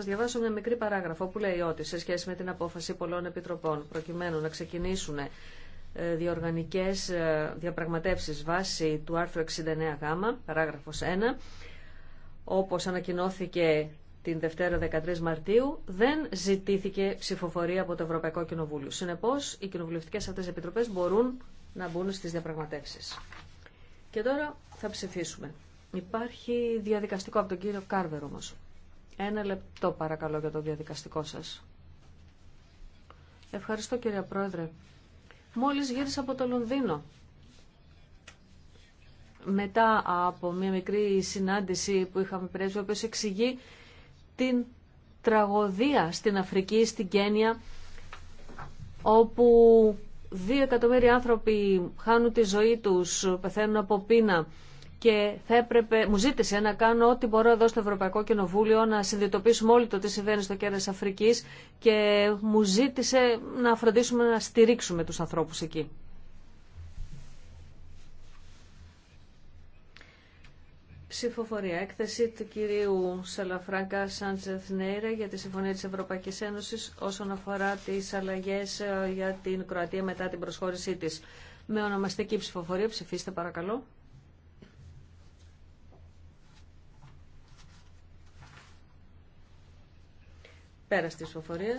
σα διαβάσω μια μικρή παράγραφο που λέει ότι σε σχέση με την απόφαση πολλών επιτροπών προκειμένου να ξεκινήσουν ε, διοργανικές ε, διαπραγματεύσεις βάσει του άρθρου 69Γ, παράγραφος 1, όπως ανακοινώθηκε την Δευτέρα 13 Μαρτίου, δεν ζητήθηκε ψηφοφορία από το Ευρωπαϊκό Κοινοβούλιο. Συνεπώς, οι κοινοβουλευτικές αυτές επιτροπές μπορούν να μπουν στις διαπραγματεύσεις. Και τώρα θα ψηφίσουμε. Υπάρχει διαδικαστικό από τον κύριο Κάρβερ όμως. Ένα λεπτό παρακαλώ για το διαδικαστικό σας. Ευχαριστώ κύριε Πρόεδρε. Μόλις γύρισα από το Λονδίνο. Μετά από μια μικρή συνάντηση που είχαμε πρέσβει, ο οποίος εξηγεί την τραγωδία στην Αφρική, στην Κένια, όπου δύο εκατομμύρια άνθρωποι χάνουν τη ζωή τους, πεθαίνουν από πείνα, και θα έπρεπε, μου ζήτησε να κάνω ό,τι μπορώ εδώ στο Ευρωπαϊκό Κοινοβούλιο, να συνειδητοποιήσουμε όλοι το τι συμβαίνει στο της Αφρικής και μου ζήτησε να φροντίσουμε να στηρίξουμε τους ανθρώπους εκεί. Ψηφοφορία. Έκθεση του κυρίου Σαλαφράγκα Σάντζεθ Νέιρε για τη Συμφωνία της Ευρωπαϊκής Ένωσης όσον αφορά τις αλλαγές ε, για την Κροατία μετά την προσχώρησή της. Με ονομαστική ψηφοφορία ψηφίστε παρακαλώ. Πέρα τη ψηφοφορία.